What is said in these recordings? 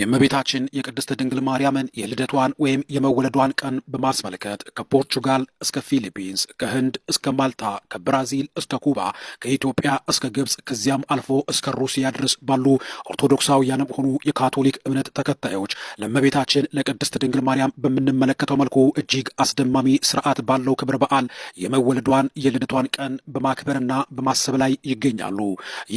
የእመቤታችን የቅድስት ድንግል ማርያምን የልደቷን ወይም የመወለዷን ቀን በማስመልከት ከፖርቹጋል እስከ ፊሊፒንስ፣ ከህንድ እስከ ማልታ፣ ከብራዚል እስከ ኩባ፣ ከኢትዮጵያ እስከ ግብፅ፣ ከዚያም አልፎ እስከ ሩሲያ ድረስ ባሉ ኦርቶዶክሳውያንም ሆኑ የካቶሊክ እምነት ተከታዮች ለእመቤታችን ለቅድስት ድንግል ማርያም በምንመለከተው መልኩ እጅግ አስደማሚ ስርዓት ባለው ክብረ በዓል የመወለዷን የልደቷን ቀን በማክበርና በማሰብ ላይ ይገኛሉ።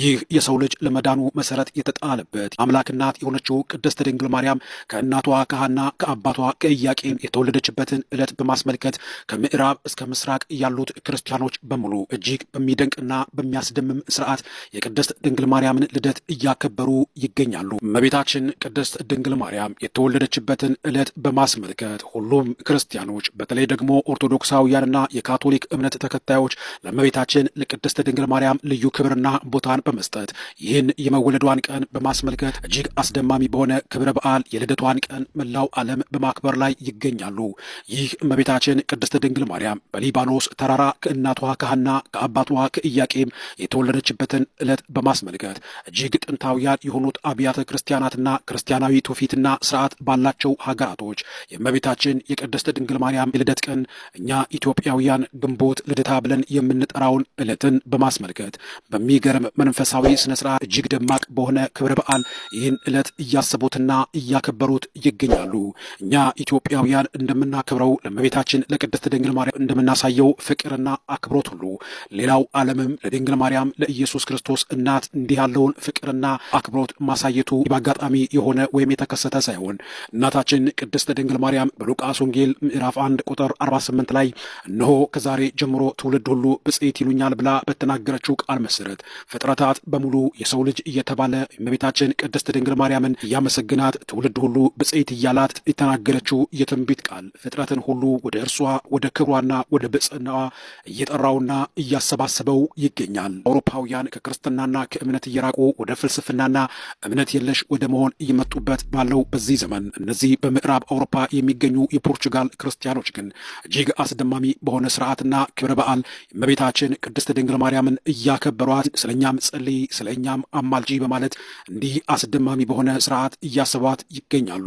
ይህ የሰው ልጅ ለመዳኑ መሰረት የተጣለበት አምላክ እናት የሆነችው ቅድስት ቅድስት ድንግል ማርያም ከእናቷ ከሐና ከአባቷ ከኢያቄም የተወለደችበትን ዕለት በማስመልከት ከምዕራብ እስከ ምስራቅ ያሉት ክርስቲያኖች በሙሉ እጅግ በሚደንቅና በሚያስደምም ስርዓት የቅድስት ድንግል ማርያምን ልደት እያከበሩ ይገኛሉ። እመቤታችን ቅድስት ድንግል ማርያም የተወለደችበትን ዕለት በማስመልከት ሁሉም ክርስቲያኖች በተለይ ደግሞ ኦርቶዶክሳውያንና የካቶሊክ እምነት ተከታዮች ለእመቤታችን ለቅድስት ድንግል ማርያም ልዩ ክብርና ቦታን በመስጠት ይህን የመወለዷን ቀን በማስመልከት እጅግ አስደማሚ በሆነ ክብረ በዓል የልደቷን ቀን መላው ዓለም በማክበር ላይ ይገኛሉ። ይህ እመቤታችን ቅድስት ድንግል ማርያም በሊባኖስ ተራራ ከእናቷ ከሐና ከአባቷ ከኢያቄም የተወለደችበትን ዕለት በማስመልከት እጅግ ጥንታውያን የሆኑት አብያተ ክርስቲያናትና ክርስቲያናዊ ትውፊትና ስርዓት ባላቸው ሀገራቶች የእመቤታችን የቅድስት ድንግል ማርያም የልደት ቀን እኛ ኢትዮጵያውያን ግንቦት ልደታ ብለን የምንጠራውን ዕለትን በማስመልከት በሚገርም መንፈሳዊ ስነ ስርዓት እጅግ ደማቅ በሆነ ክብረ በዓል ይህን ዕለት እያሰቡ እያቀረቡትና እያከበሩት ይገኛሉ። እኛ ኢትዮጵያውያን እንደምናከብረው ለመቤታችን ለቅድስት ድንግል ማርያም እንደምናሳየው ፍቅርና አክብሮት ሁሉ ሌላው ዓለምም ለድንግል ማርያም ለኢየሱስ ክርስቶስ እናት እንዲህ ያለውን ፍቅርና አክብሮት ማሳየቱ በአጋጣሚ የሆነ ወይም የተከሰተ ሳይሆን እናታችን ቅድስት ድንግል ማርያም በሉቃስ ወንጌል ምዕራፍ 1 ቁጥር 48 ላይ እነሆ ከዛሬ ጀምሮ ትውልድ ሁሉ ብፅዕት ይሉኛል ብላ በተናገረችው ቃል መሰረት ፍጥረታት በሙሉ የሰው ልጅ እየተባለ እመቤታችን ቅድስት ድንግል ማርያምን እያመ እያመሰግናት ትውልድ ሁሉ ብፅዕት እያላት የተናገረችው የትንቢት ቃል ፍጥረትን ሁሉ ወደ እርሷ ወደ ክብሯና ወደ ብፅዕናዋ እየጠራውና እያሰባሰበው ይገኛል። አውሮፓውያን ከክርስትናና ከእምነት እየራቁ ወደ ፍልስፍናና እምነት የለሽ ወደ መሆን እየመጡበት ባለው በዚህ ዘመን እነዚህ በምዕራብ አውሮፓ የሚገኙ የፖርቹጋል ክርስቲያኖች ግን እጅግ አስደማሚ በሆነ ስርዓትና ክብረ በዓል እመቤታችን ቅድስት ድንግል ማርያምን እያከበሯት ስለ እኛም ጸልይ ስለ እኛም አማልጂ በማለት እንዲህ አስደማሚ በሆነ ስርዓት እያሰባት ይገኛሉ።